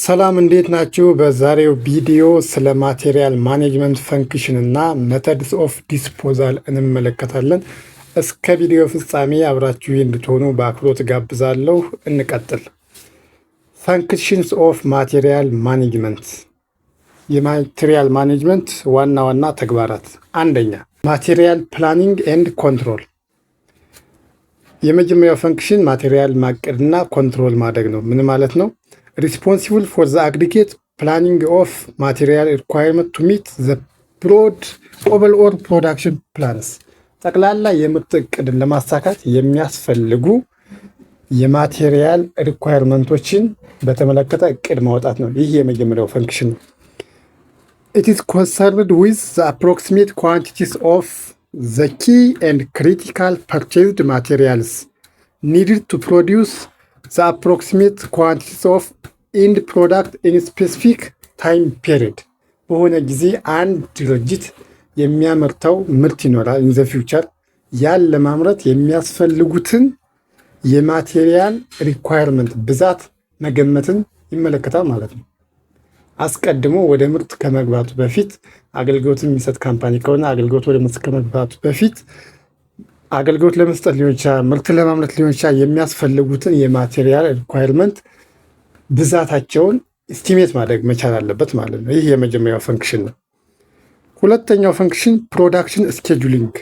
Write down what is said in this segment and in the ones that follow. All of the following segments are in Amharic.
ሰላም እንዴት ናችሁ? በዛሬው ቪዲዮ ስለ ማቴሪያል ማኔጅመንት ፈንክሽን እና መተድስ ኦፍ ዲስፖዛል እንመለከታለን። እስከ ቪዲዮ ፍጻሜ አብራችሁ እንድትሆኑ በአክብሮት ጋብዛለሁ። እንቀጥል። ፈንክሽንስ ኦፍ ማቴሪያል ማኔጅመንት፣ የማቴሪያል ማኔጅመንት ዋና ዋና ተግባራት፣ አንደኛ ማቴሪያል ፕላኒንግ ኤንድ ኮንትሮል የመጀመሪያው ፈንክሽን ማቴሪያል ማቀድና ኮንትሮል ማድረግ ነው። ምን ማለት ነው? responsible for the aggregate ኦፍ of material requirement to meet the broad overall production plans ጠቅላላ የምርት እቅድን ለማሳካት የሚያስፈልጉ የማቴሪያል ሪኳየርመንቶችን በተመለከተ እቅድ ማውጣት ነው። ይህ የመጀመሪያው ፈንክሽን ነው። ኢት ኢዝ ኮንሰርንድ ዊዝ ዘ አፕሮክሲሜት ኳንቲቲስ ኦፍ ዘ ኪ ኤንድ ክሪቲካል ፐርቼዝድ ማቴሪያልስ ኒድድ ቱ ፕሮዲውስ ዘ አፕሮክሲሜት ኳንቲቲስ ኦፍ ኢንድ ፕሮዳክት ኢን ስፔሲፊክ ታይም ፔሪድ በሆነ ጊዜ አንድ ድርጅት የሚያመርተው ምርት ይኖራል። ኢን ዘ ፊውቸር ያን ለማምረት የሚያስፈልጉትን የማቴሪያል ሪኳየርመንት ብዛት መገመትን ይመለከታል ማለት ነው። አስቀድሞ ወደ ምርት ከመግባቱ በፊት አገልግሎት የሚሰጥ ካምፓኒ ከሆነ አገልግሎት ወደ ምርት ከመግባቱ በፊት አገልግሎት ለመስጠት ሊሆን ይችላል፣ ምርትን ለማምረት ሊሆን ይችላል። የሚያስፈልጉትን የማቴሪያል ሪኳይርመንት ብዛታቸውን ኢስቲሜት ማድረግ መቻል አለበት ማለት ነው። ይህ የመጀመሪያው ፈንክሽን ነው። ሁለተኛው ፈንክሽን ፕሮዳክሽን ስኬጁሊንግ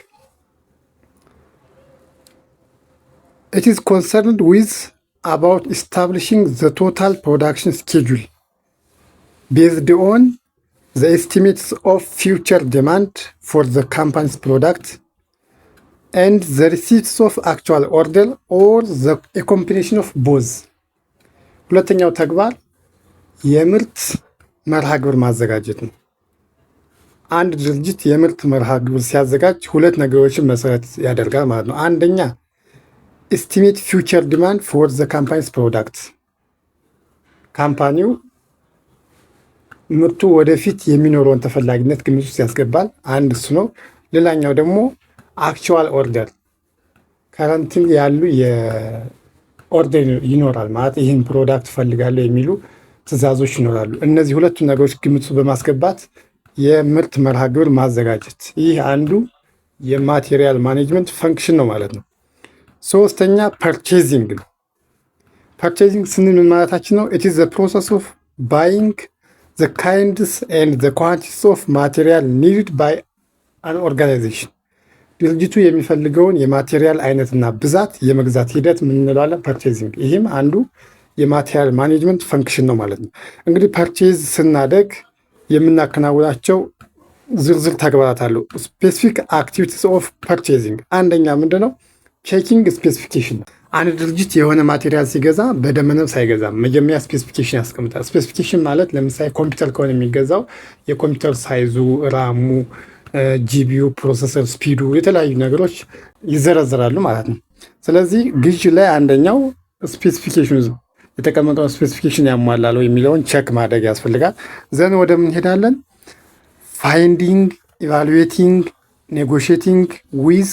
ኢት ኢዝ ኮንሰርንድ ዊዝ አባውት ኢስታብሊሽንግ ዘ ቶታል ፕሮዳክሽን ስኬጁል ቤዝድ ኦን ዘ ኤስቲሜትስ ኦፍ ፊውቸር ዲማንድ ፎር ዘ ካምፓኒስ ፕሮዳክት and the receipts of actual order or the combination of both። ሁለተኛው ተግባር የምርት መርሃ ግብር ማዘጋጀት ነው። አንድ ድርጅት የምርት መርሃ ግብር ሲያዘጋጅ ሁለት ነገሮችን መሰረት ያደርጋል ማለት ነው። አንደኛ ኢስቲሜት ፊውቸር ዲማንድ ፎር ዘ ካምፓኒስ ፕሮዳክት፣ ካምፓኒው ምርቱ ወደፊት የሚኖረውን ተፈላጊነት ግምት ውስጥ ያስገባል። አንድ እሱ ነው። ሌላኛው ደግሞ አክቹዋል ኦርደር ከረንትን ያሉ የኦርደር ይኖራል ማለት ይህን ፕሮዳክት ፈልጋለሁ የሚሉ ትእዛዞች ይኖራሉ። እነዚህ ሁለቱ ነገሮች ግምቱ በማስገባት የምርት መርሃ ግብር ማዘጋጀት፣ ይህ አንዱ የማቴሪያል ማኔጅመንት ፈንክሽን ነው ማለት ነው። ሶስተኛ ፐርቼዚንግ ነው። ፐርቼዚንግ ስንል ምን ማለታችን ነው? ኢት ኢዝ ዘ ፕሮሰስ ኦፍ ባይንግ ዘ ካይንድስ ኤንድ ዘ ኳንቲቲስ ኦፍ ማቴሪያል ኒድድ ባይ አን ኦርጋናይዜሽን ድርጅቱ የሚፈልገውን የማቴሪያል አይነትና ብዛት የመግዛት ሂደት ምን እንለዋለን? ፐርቼዚንግ። ይህም አንዱ የማቴሪያል ማኔጅመንት ፈንክሽን ነው ማለት ነው። እንግዲህ ፐርቼዝ ስናደግ የምናከናውናቸው ዝርዝር ተግባራት አሉ። ስፔሲፊክ አክቲቪቲስ ኦፍ ፐርቼዚንግ አንደኛ ምንድን ነው? ቼኪንግ ስፔሲፊኬሽን። አንድ ድርጅት የሆነ ማቴሪያል ሲገዛ በደመነብስ አይገዛም። መጀመሪያ ስፔሲፊኬሽን ያስቀምጣል። ስፔሲፊኬሽን ማለት ለምሳሌ ኮምፒውተር ከሆነ የሚገዛው የኮምፒውተር ሳይዙ፣ ራሙ ጂቢዩ፣ ፕሮሰሰር ስፒዱ፣ የተለያዩ ነገሮች ይዘረዘራሉ ማለት ነው። ስለዚህ ግዥ ላይ አንደኛው ስፔሲፊኬሽን የተቀመጠው ስፔሲፊኬሽን ያሟላል የሚለውን ቸክ ማድረግ ያስፈልጋል። ዘን ወደ ምን ፋይንዲንግ፣ ኢቫሉዌቲንግ፣ ኔጎሽቲንግ ዊዝ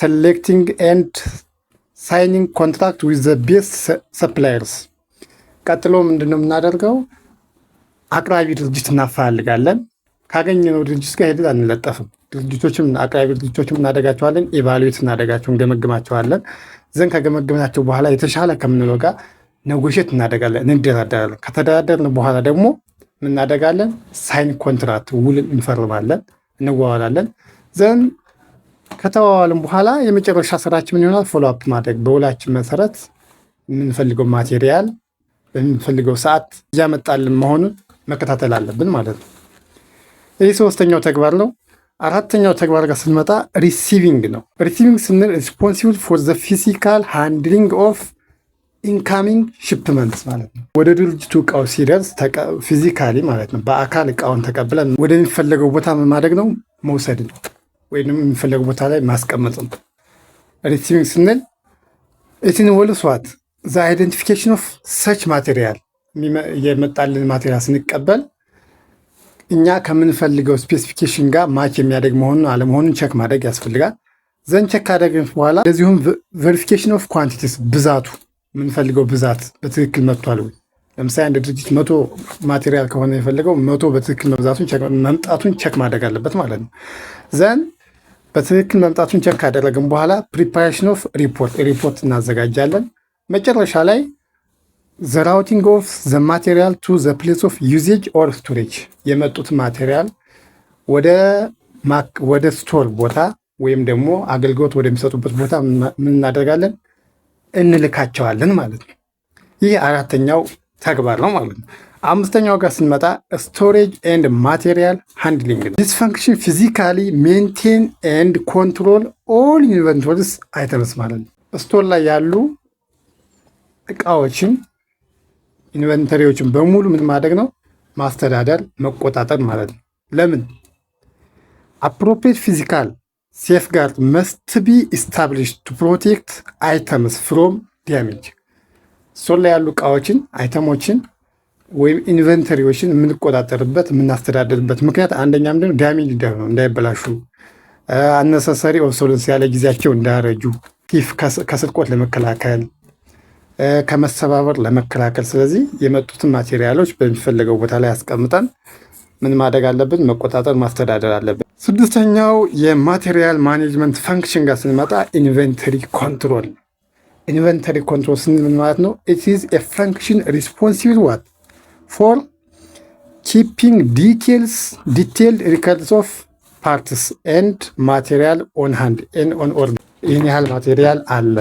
ሴሌክቲንግ ኤንድ ሳይኒንግ ኮንትራክት ዊዝ ዘ ቤስት ሰፕላየርስ። ቀጥሎ ምንድነው የምናደርገው? አቅራቢ ድርጅት እናፈልጋለን። ካገኘነው ድርጅት ጋር ሄደን አንለጠፍም። ድርጅቶችም አቅራቢ ድርጅቶችም እናደጋቸዋለን፣ ኢቫሉዌት እናደጋቸው እንገመግማቸዋለን። ዘን ከገመግምናቸው በኋላ የተሻለ ከምንለው ጋር ነጎሼት እናደጋለን፣ እንደራደራለን። ከተደራደርን በኋላ ደግሞ ምናደጋለን፣ ሳይን ኮንትራት ውል እንፈርማለን፣ እንዋዋላለን። ዘን ከተዋዋልን በኋላ የመጨረሻ ስራችን ምን ይሆናል? ፎሎ አፕ ማድረግ በውላችን መሰረት የምንፈልገው ማቴሪያል በምንፈልገው ሰዓት እያመጣልን መሆኑን መከታተል አለብን ማለት ነው። ይህ ሶስተኛው ተግባር ነው። አራተኛው ተግባር ጋር ስንመጣ ሪሲቪንግ ነው። ሪሲቪንግ ስንል ሪስፖንሲብል ፎር ዘ ፊዚካል ሃንድሊንግ ኦፍ ኢንካሚንግ ሽፕመንት ማለት ነው። ወደ ድርጅቱ እቃው ሲደርስ ፊዚካሊ ማለት ነው፣ በአካል እቃውን ተቀብለን ወደሚፈለገው ቦታ ማድረግ ነው፣ መውሰድ ነው፣ ወይም የሚፈለገው ቦታ ላይ ማስቀመጥ ነው። ሪሲቪንግ ስንል ኢትን ወልስዋት ዘ አይደንቲፊኬሽን ኦፍ ሰች ማቴሪያል የመጣልን ማቴሪያል ስንቀበል እኛ ከምንፈልገው ስፔሲፊኬሽን ጋር ማች የሚያደግ መሆኑን አለመሆኑን ቸክ ማድረግ ያስፈልጋል። ዘን ቸክ ካደረግን በኋላ እንደዚሁም ቨሪፊኬሽን ኦፍ ኳንቲቲስ ብዛቱ የምንፈልገው ብዛት በትክክል መጥቷል ወይ? ለምሳሌ አንድ ድርጅት መቶ ማቴሪያል ከሆነ የፈለገው መቶ በትክክል መብዛቱን መምጣቱን ቸክ ማድረግ አለበት ማለት ነው። ዘን በትክክል መምጣቱን ቸክ ካደረግን በኋላ ፕሪፓሬሽን ኦፍ ሪፖርት ሪፖርት እናዘጋጃለን። መጨረሻ ላይ ዘ ራውቲንግ ኦፍ ዘ ማቴሪያል ቱ ዘ ፕሌስ ኦፍ ዩዜጅ ኦር ስቶሬጅ የመጡት ማቴሪያል ወደ ወደ ስቶር ቦታ ወይም ደግሞ አገልግሎት ወደሚሰጡበት ቦታ ምን እናደርጋለን? እንልካቸዋለን ማለት ነው። ይህ አራተኛው ተግባር ነው ማለት ነው። አምስተኛው ጋር ስንመጣ ስቶሬጅ ኤንድ ማቴሪያል ሃንድሊንግ ነው። ዲስ ፈንክሽን ፊዚካሊ ሜንቴን ኤንድ ኮንትሮል ኦል ኢንቨንቶሪስ አይተምስ ማለት ነው። ስቶር ላይ ያሉ እቃዎችን ኢንቨንተሪዎችን በሙሉ ምን ማድረግ ነው? ማስተዳደር፣ መቆጣጠር ማለት ነው። ለምን አፕሮፕሪት ፊዚካል ሴፍጋርድ መስት ቢ ኢስታብሊሽ ቱ ፕሮቴክት አይተምስ ፍሮም ዳሜጅ እሱን ላይ ያሉ እቃዎችን አይተሞችን ወይም ኢንቨንተሪዎችን የምንቆጣጠርበት የምናስተዳደርበት ምክንያት አንደኛ ምንድን ነው ዳሜጅ እንዳይሆኑ እንዳይበላሹ አነሳሰሪ ኦብሶለንስ ያለ ጊዜያቸው እንዳያረጁ ቲፍ ከስርቆት ለመከላከል ከመሰባበር ለመከላከል። ስለዚህ የመጡትን ማቴሪያሎች በሚፈለገው ቦታ ላይ አስቀምጠን ምን ማድረግ አለብን? መቆጣጠር፣ ማስተዳደር አለብን። ስድስተኛው የማቴሪያል ማኔጅመንት ፈንክሽን ጋር ስንመጣ ኢንቨንተሪ ኮንትሮል። ኢንቨንተሪ ኮንትሮል ስንል ማለት ነው ኢት ኢዝ ኤ ፈንክሽን ሪስፖንሲብል ዋት ፎር ኪፒንግ ዲቴልስ ዲቴልድ ሪከርድስ ኦፍ ፓርትስ ኤንድ ማቴሪያል ኦን ሃንድ ኤን ኦን ኦርደር። ይህን ያህል ማቴሪያል አለ፣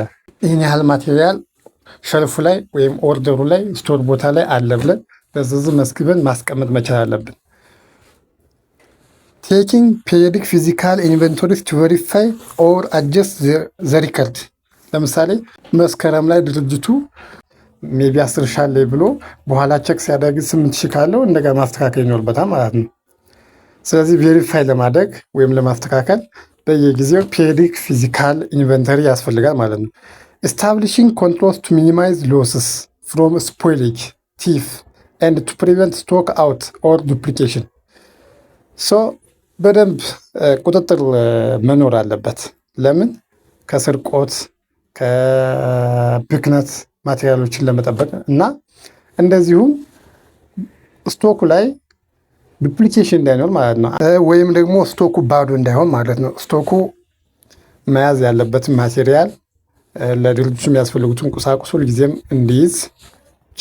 ይህን ያህል ማቴሪያል ሸልፉ ላይ ወይም ኦርደሩ ላይ ስቶር ቦታ ላይ አለ ብለን በዝዝ መስክበን ማስቀመጥ መቻል አለብን። ቴኪንግ ፔሪዮዲክ ፊዚካል ኢንቨንቶሪስ ቱ ቬሪፋይ ኦር አጀስት ዘ ሪከርድ። ለምሳሌ መስከረም ላይ ድርጅቱ ሜቢ አስር ሺህ አለኝ ብሎ በኋላ ቸክ ሲያደርግ ስምንት ሺህ ካለው እንደገና ማስተካከል ይኖርበታል ማለት ነው። ስለዚህ ቬሪፋይ ለማድረግ ወይም ለማስተካከል በየጊዜው ፔሪዮዲክ ፊዚካል ኢንቨንተሪ ያስፈልጋል ማለት ነው። ኤስታብሊሽንግ ኮንትሮልስ ቱ ሚኒማይዝ ሎስስ ፍሮም ስፖይሌጅ ቲፍ ኤንድ ቱ ፕሪቨንት ስቶክ አውት ኦር ዱፕሊኬሽን ሶ በደንብ ቁጥጥር መኖር አለበት። ለምን ከስርቆት ከብክነት ማቴሪያሎችን ለመጠበቅ እና እንደዚሁም ስቶኩ ላይ ዱፕሊኬሽን እንዳይኖር ማለት ነው። ወይም ደግሞ ስቶኩ ባዶ እንዳይሆን ማለት ነው። ስቶኩ መያዝ ያለበትን ማቴሪያል ለድርጅቱ የሚያስፈልጉትን ቁሳቁስ ሁልጊዜም እንዲይዝ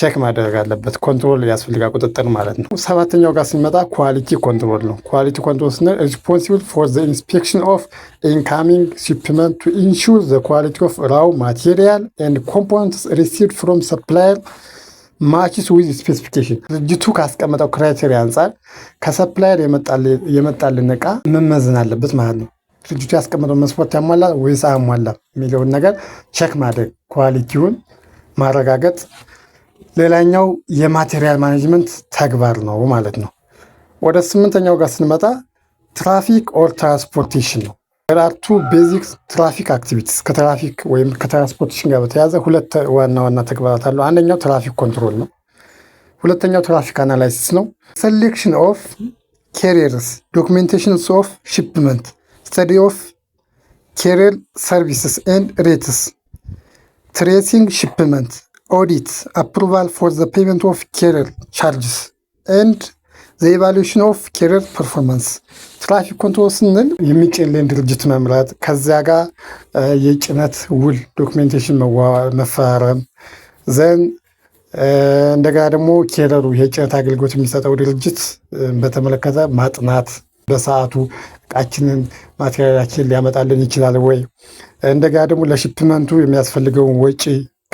ቼክ ማድረግ አለበት። ኮንትሮል ያስፈልጋ ቁጥጥር ማለት ነው። ሰባተኛው ጋር ሲመጣ ኳሊቲ ኮንትሮል ነው። ኳሊቲ ኮንትሮል ስንል ሪስፖንሲብል ፎር ዘ ኢንስፔክሽን ኦፍ ኢንካሚንግ ሽፕመንት ቱ ኢንሹር ዘ ኳሊቲ ኦፍ ራው ማቴሪያል ኤንድ ኮምፖነንትስ ሪሲቭድ ፍሮም ሰፕላየር ማችስ ዊዝ ስፔሲፊኬሽን ድርጅቱ ካስቀመጠው ክራይቴሪያ አንጻር ከሰፕላየር የመጣልን እቃ መመዘን አለበት ማለት ነው። ድርጅቱ ያስቀመጠው መስፈርት ያሟላ ወይስ አያሟላ የሚለውን ነገር ቸክ ማድረግ ኳሊቲውን ማረጋገጥ ሌላኛው የማቴሪያል ማኔጅመንት ተግባር ነው ማለት ነው። ወደ ስምንተኛው ጋር ስንመጣ ትራፊክ ኦር ትራንስፖርቴሽን ነው። ቱ ቤዚክ ትራፊክ አክቲቪቲስ ከትራፊክ ወይም ከትራንስፖርቴሽን ጋር በተያያዘ ሁለት ዋና ዋና ተግባራት አሉ። አንደኛው ትራፊክ ኮንትሮል ነው። ሁለተኛው ትራፊክ አናላይሲስ ነው። ሴሌክሽን ኦፍ ኬሪየርስ ዶክሜንቴሽንስ ኦፍ ሺፕመንት ስተዲ ኦፍ ኬሪር ሰርቪስስ ኤንድ ሬትስ ትሬሲንግ ሽፕመንት ኦዲት አፕሩቫል ፎር ዘ ፔመንት ኦፍ ኬሪር ቻርጅስ ኤንድ ዘኢቫሉዌሽን ኦፍ ኬሪር ፐርፎርማንስ ትራፊክ ኮንትሮል ስንል የሚጭንልን ድርጅት መምራት፣ ከዚያ ጋር የጭነት ውል ዶክሜንቴሽን መፈራረም ዘን እንደገና ደግሞ ኬረሩ የጭነት አገልግሎት የሚሰጠው ድርጅት በተመለከተ ማጥናት በሰዓቱ እቃችንን ማቴሪያላችንን ሊያመጣልን ይችላል ወይ? እንደገና ደግሞ ለሽፕመንቱ የሚያስፈልገውን ወጪ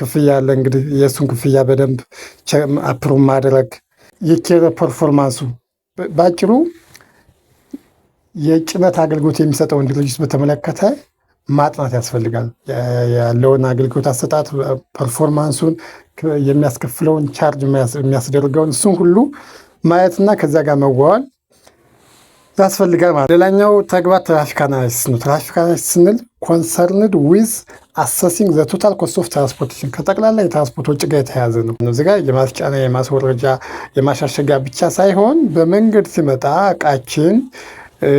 ክፍያ አለ። እንግዲህ የእሱን ክፍያ በደንብ አፕሮ ማድረግ የኬረ ፐርፎርማንሱ በአጭሩ የጭነት አገልግሎት የሚሰጠውን ድርጅት በተመለከተ ማጥናት ያስፈልጋል። ያለውን አገልግሎት አሰጣጥ ፐርፎርማንሱን፣ የሚያስከፍለውን ቻርጅ የሚያስደርገውን እሱን ሁሉ ማየትና ከዚያ ጋር መዋዋል ያስፈልጋል ማለት። ሌላኛው ተግባር ትራፊክ አናሊሲስ ነው። ትራፊክ አናሊሲስ ስንል ኮንሰርንድ ዊዝ አሰሲንግ ዘ ቶታል ኮስት ኦፍ ትራንስፖርቴሽን ከጠቅላላ የትራንስፖርት ወጪ ጋር የተያዘ ነው። እዚህ ጋር የማስጫና የማስወረጃ የማሻሸጊያ ብቻ ሳይሆን በመንገድ ሲመጣ እቃችን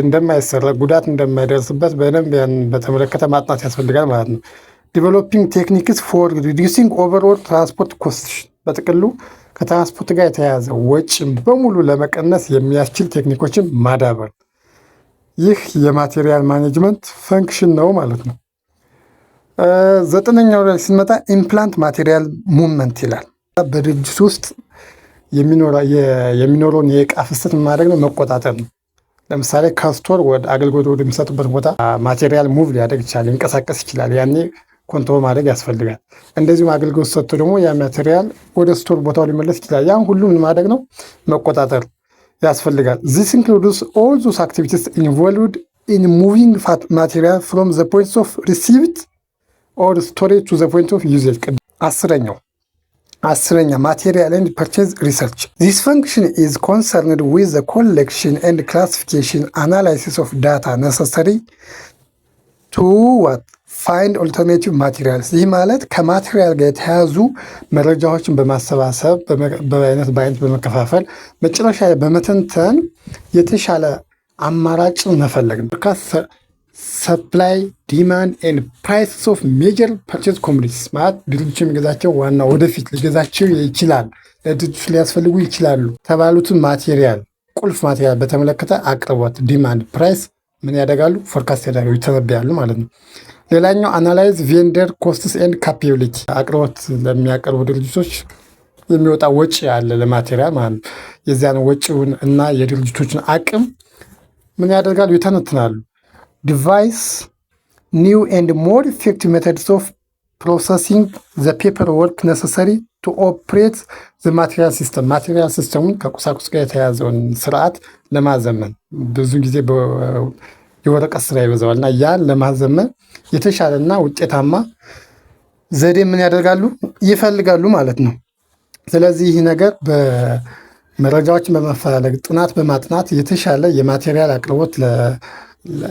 እንደማይሰረቅ ጉዳት እንደማይደርስበት በደንብ ያን በተመለከተ ማጥናት ያስፈልጋል ማለት ነው። ዲቨሎፒንግ ቴክኒክስ ፎር ሪዲዩሲንግ ኦቨርኦል ትራንስፖርት ኮስት በጥቅሉ ከትራንስፖርት ጋር የተያያዘ ወጪን በሙሉ ለመቀነስ የሚያስችል ቴክኒኮችን ማዳበር፣ ይህ የማቴሪያል ማኔጅመንት ፈንክሽን ነው ማለት ነው። ዘጠነኛው ላይ ስንመጣ ኢምፕላንት ማቴሪያል ሙቭመንት ይላል። በድርጅት ውስጥ የሚኖረውን የእቃ ፍሰት ማድረግ ነው መቆጣጠር ነው። ለምሳሌ ከስቶር ወደ አገልግሎት ወደሚሰጡበት ቦታ ማቴሪያል ሙቭ ሊያደርግ ይችላል፣ ሊንቀሳቀስ ይችላል። ያኔ ኮንትሮል ማድረግ ያስፈልጋል። እንደዚሁም አገልግሎት ሰጥቶ ደግሞ ያ ማቴሪያል ወደ ስቶር ቦታው ሊመለስ ይችላል። ያን ሁሉ ምን ማድረግ ነው መቆጣጠር ያስፈልጋል። ዚስ ኢንክሉድስ ኦል ዞስ አክቲቪቲስ ኢንቮልቭድ ኢን ሙቪንግ ፋት ማቴሪያል ፍሮም ዘ ፖይንት ኦፍ ሪሲቭድ ኦር ስቶሬጅ ቱ ዘ ፖይንት ኦፍ ዩዜጅ። አስረኛው አስረኛ ማቴሪያል ኤንድ ፐርቼዝ ሪሰርች ዚስ ፈንክሽን ኢዝ ኮንሰርንድ ዊዝ ኮሌክሽን ኤንድ ክላሲፊኬሽን አናላይሲስ ኦፍ ዳታ ነሰሰሪ ቱ ዋት ፋይንድ ኦልተርኔቲቭ ማቴሪያልስ ይህ ማለት ከማቴሪያል ጋር የተያያዙ መረጃዎችን በማሰባሰብ በአይነት በአይነት በመከፋፈል መጨረሻ ላይ በመተንተን የተሻለ አማራጭ መፈለግ ሰፕላይ ዲማንድ ኤንድ ፕራይስ ኦፍ ሜጀር ፐርቼዝ ኮምዲቲስ ማለት ድርጅቱ የሚገዛቸው ዋና ወደፊት ሊገዛቸው ይችላል ለድርጅቱ ሊያስፈልጉ ይችላሉ ተባሉትን ማቴሪያል ቁልፍ ማቴሪያል በተመለከተ አቅርቦት ዲማንድ ፕራይስ ምን ያደርጋሉ ፎርካስት ያደርጋሉ ይተነብያሉ ማለት ነው። ሌላኛው አናላይዝ ቬንደር ኮስትስ ኤንድ ካፓቢሊቲ አቅርቦት ለሚያቀርቡ ድርጅቶች የሚወጣ ወጪ አለ ለማቴሪያል ማለት ነው። የዚያን ወጪውን እና የድርጅቶችን አቅም ምን ያደርጋሉ? ይተነትናሉ። ዲቫይስ ኒው ኤንድ ሞር ኢፌክቲቭ ሜቶድስ ኦፍ ፕሮሰሲንግ ዘ ፔፐር ወርክ ነሰሰሪ ቱ ኦፕሬት ዘ ማቴሪያል ሲስተም ማቴሪያል ሲስተሙን ከቁሳቁስ ጋር የተያዘውን ስርዓት ለማዘመን ብዙ ጊዜ የወረቀት ስራ ይበዛዋል እና ያን ለማዘመን የተሻለና ውጤታማ ዘዴ ምን ያደርጋሉ ይፈልጋሉ ማለት ነው። ስለዚህ ይህ ነገር በመረጃዎችን በመፈላለግ ጥናት በማጥናት የተሻለ የማቴሪያል አቅርቦት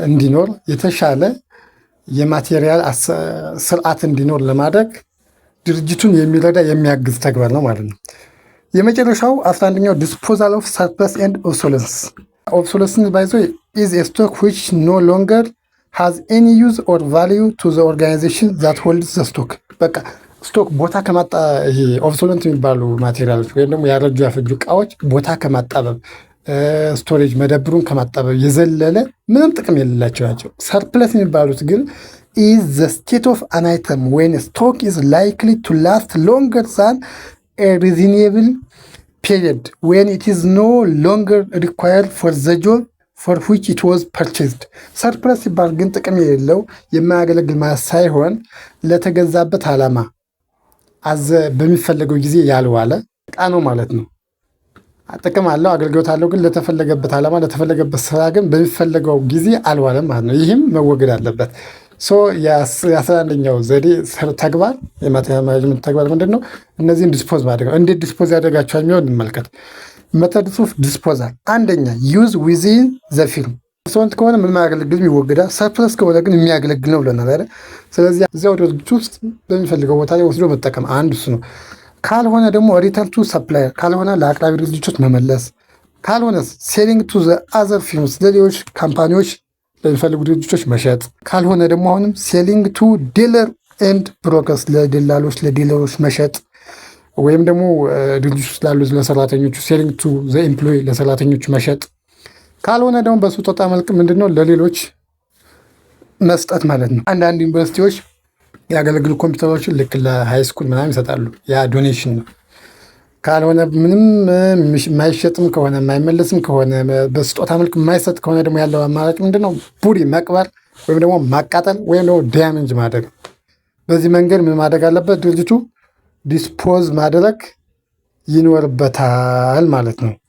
እንዲኖር የተሻለ የማቴሪያል ስርዓት እንዲኖር ለማድረግ ድርጅቱን የሚረዳ የሚያግዝ ተግባር ነው ማለት ነው። የመጨረሻው አስራ አንደኛው ዲስፖዛል ኦፍ ሰርፕለስ ኤንድ ኦሶለንስ Obsolescence by the way is a stock which no longer has any use or value to the organization that holds the stock በቃ ስቶክ ቦታ ከማጣ ይሄ ኦብሶለንት የሚባሉ ማቴሪያሎች ወይም ደግሞ ያረጁ ያፈጁ እቃዎች ቦታ ከማጣበብ ስቶሬጅ መደብሩን ከማጣበብ የዘለለ ምንም ጥቅም የሌላቸው ናቸው። ሰርፕለስ የሚባሉት ግን ኢዝ ዘ ስቴት ኦፍ አን አይተም ዌን ስቶክ ኢዝ ላይክሊ ቱ ላስት ሎንገር ዛን ሪዝኔብል period when it is no longer required for the job for which it was purchased ሰርፕለስ ሲባል ግን ጥቅም የሌለው የማያገለግል ማለት ሳይሆን ለተገዛበት ዓላማ አዘ በሚፈለገው ጊዜ ያልዋለ እቃ ነው ማለት ነው። ጥቅም አለው፣ አገልግሎት አለው፣ ግን ለተፈለገበት ዓላማ ለተፈለገበት ስራ ግን በሚፈለገው ጊዜ አልዋለም ማለት ነው። ይህም መወገድ አለበት። ሶ የአስራ አንደኛው ዘዴ ተግባር የማቴሪያል ተግባር ምንድን ነው? እነዚህን ዲስፖዝ ማድረግ ነው። እንዴት ዲስፖዝ ያደርጋቸዋል የሚሆን እንመልከት። መተድ ጽሑፍ ዲስፖዛል፣ አንደኛ ዩዝ ዊዚን ዘ ፊልም ሰውንት ከሆነ ምንም አያገለግልም ይወገዳል። ሰርፕለስ ከሆነ ግን የሚያገለግል ነው ብለናል አይደል? ስለዚህ እዚያ ድርጅት ውስጥ በሚፈልገው ቦታ ላይ ወስዶ መጠቀም አንድ እሱ ነው። ካልሆነ ደግሞ ሪተርን ቱ ሰፕላየር ካልሆነ ለአቅራቢ ድርጅቶች መመለስ ካልሆነ ሴሊንግ ቱ ዘ አዘር ፊልምስ ለሌሎች ካምፓኒዎች ለሚፈልጉ ድርጅቶች መሸጥ ካልሆነ ደግሞ አሁንም ሴሊንግ ቱ ዲለር ኤንድ ብሮከርስ ለደላሎች ለዲለሮች መሸጥ ወይም ደግሞ ድርጅት ውስጥ ላሉ ለሰራተኞቹ ሴሊንግ ቱ ዘ ኤምፕሎይ ለሰራተኞቹ መሸጥ ካልሆነ ደግሞ በስጦታ መልክ ምንድነው ለሌሎች መስጠት ማለት ነው። አንዳንድ ዩኒቨርሲቲዎች ያገለግሉ ኮምፒውተሮችን ልክ ለሃይስኩል ምናምን ይሰጣሉ። ያ ዶኔሽን ነው። ካልሆነ ምንም የማይሸጥም ከሆነ የማይመለስም ከሆነ በስጦታ መልክ የማይሰጥ ከሆነ ደግሞ ያለው አማራጭ ምንድነው ቡሪ መቅበር ወይም ደግሞ ማቃጠል ወይም ደግሞ ዳሜንጅ ማድረግ። በዚህ መንገድ ምን ማድረግ አለበት ድርጅቱ? ዲስፖዝ ማድረግ ይኖርበታል ማለት ነው።